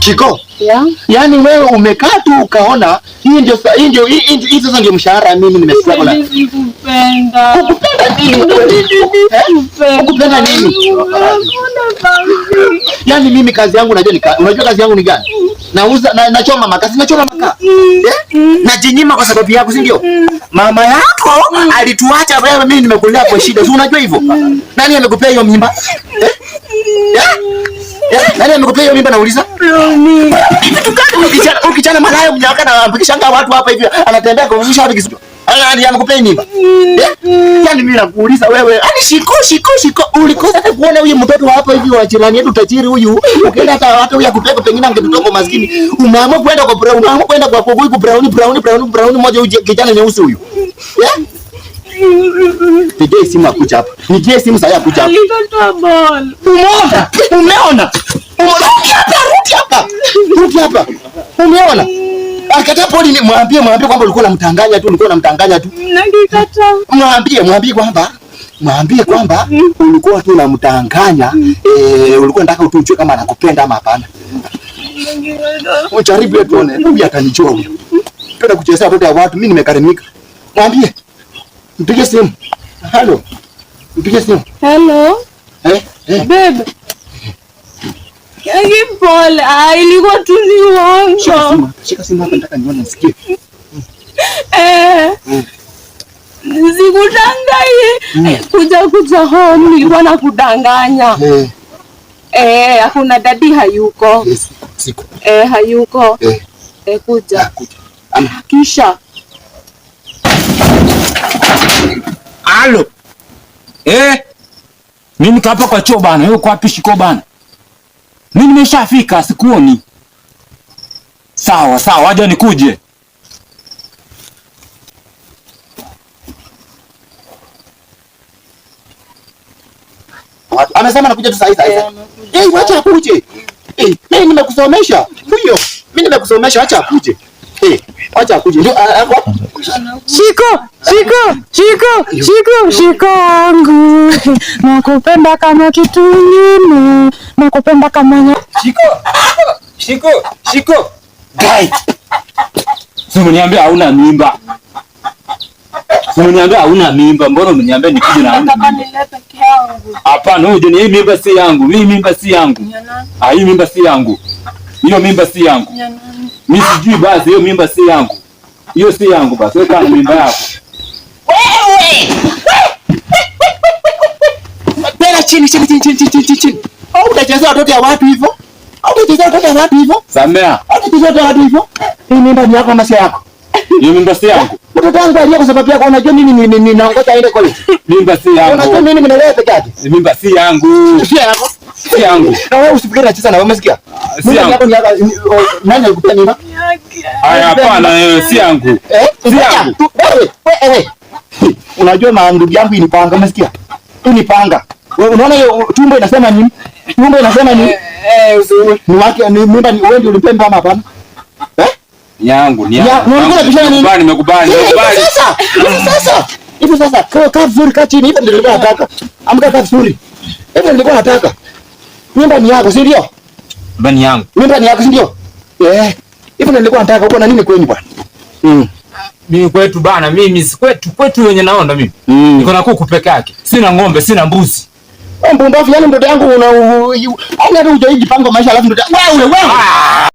Chiko. Yeah. Yaani wewe umekaa tu ukaona hii ndio hii ndio hii sasa ndio mshahara mimi nimesema. Nikupenda. Nikupenda nini? Nikupenda nini? Eh? Yaani mimi kazi yangu najua ni unajua kazi yangu ni gani? Nauza na, nachoma makaa, si nachoma makaa. Eh? Najinyima kwa sababu yako, si ndio? Mama yako alituacha wewe, mimi nimekulea kwa shida. Si unajua hivyo? Nani amekupea hiyo mimba? Eh? Eh, eh, nani amekupea hiyo mimba nauliza? Mimi. Hivi tukana ukichana ukichana malaya mnyaka na mpikishanga watu hapa hivi anatembea kwa mshusha hadi kisuto. Eh, Ana amekupea mimba. Yaani mimi nakuuliza wewe, ani shiko shiko shiko ulikosa kuona huyu mtoto hapa hivi wa jirani yetu tajiri huyu. Ukienda hata watu huyu akupeka pengine angetoka maskini. Umeamua kwenda kwa brown, umeamua kwenda kwa kugui kwa brown brown brown brown moja huyu kijana nyeusi huyu. Yeah? Pigie simu akuja hapa. Nigie simu sasa akuja hapa. Alitoa ball. Umeona? Umeona? Rudi hapa. Rudi hapa. hapa. Umeona? Akata poli ni mwambie mwambie kwamba ulikuwa unamtanganya tu, ulikuwa unamtanganya tu. Nangikata. Mwambie mwambie kwamba mwambie kwamba ulikuwa tu unamtanganya, eh, ulikuwa unataka utujue kama anakupenda ama hapana. Ujaribu tuone. Huyu atanijua huyo. Kwenda kuchezea watoto wa watu, mimi nimekarimika. Mwambie mpige simu. Halo. mpige simu. Halo. Eh? Eh. Bebe. Kagi pole. Ah, ilikuwa tu ni uongo. Shika simu hapa nataka nione nisikie. Eh. eh. Sikudanganye. Eh. Kuja kuja home nilikuwa kudanganya Eh. Eh, hakuna dadi hayuko. Yes. Eh, siku. Eh, hayuko. Eh, eh kuja. Ah, kuja. Kisha. Alo. Eh? Mimi kapa kwa choo bana, wewe kwa pishi kwa bana. Mimi nimeshafika sikuoni. Sawa sawa, waje nikuje. Amesema nakuja tu saa hii Eh, acha akuje. Eh, mimi nimekusomesha. Huyo, mimi nimekusomesha, acha akuje. Acha akuje. Shiko, shiko, shiko, shiko, shiko wangu. Nakupenda kama kitu nyumu. Nakupenda kama Shiko, shiko, shiko. Guy. Simniambia hauna mimba. Simniambia hauna mimba. Mbona umeniambia nikuje na hauna Hapana, huyo ni mimba si yangu. Mimi mimba si yangu. Ah, hii mimba si yangu. Hiyo mimba si yangu mimi sijui, basi hiyo mimba si yangu, hiyo si yangu. Basi weka na mimba yako wewe. Pera chini chini chini chini chini chini. Au unachezea watoto ya watu hivyo? Au unachezea watoto ya watu hivyo? Samea. Au unachezea watoto ya watu hivyo? Hii mimba ni yako ama si yako? Hiyo mimba si yangu. Mtoto wangu alia kwa sababu yako, unajua mimi ninaongoza aende college. Mimba si yangu. Unajua mimi nimelea peke yake. Mimba si yangu. Si yako si yangu. Na wewe usifikiri nacheza na wewe, umesikia? Si yangu. Nani alikupa mimba? Haya, hapana, si yangu. Eh, si yangu. Wewe, unajua maana ndugu yangu inipanga, umesikia? Inipanga. Unaona hiyo tumbo inasema nini? Tumbo inasema nini? Eh, eh usiwe. Ni wake ni mimba ni wewe ndio ulipenda ama hapana? Eh? Yangu ni yangu. Unaona kisha nini? Nimekubali, nimekubali. Sasa. Sasa. Hivi sasa, kaa vizuri, kaa chini. Hivi ndio nilikuwa nataka. Amka kaa vizuri. Hivi ndio nilikuwa nataka. Mimba ni yako, si ndio? Mimba ni yangu. Mimba ni yako, si ndio? Eh. ndio nilikuwa nataka uko na nini kwenu bwana? Mm. Mimi kwetu bana, mimi si kwetu, kwetu wenye naonda mimi. Mm. Niko na kuku peke yake. Sina ng'ombe, sina mbuzi. Wewe mbona yaani mtoto wangu una yaani hata hujaijipanga maisha alafu ndio wewe wewe. Ah!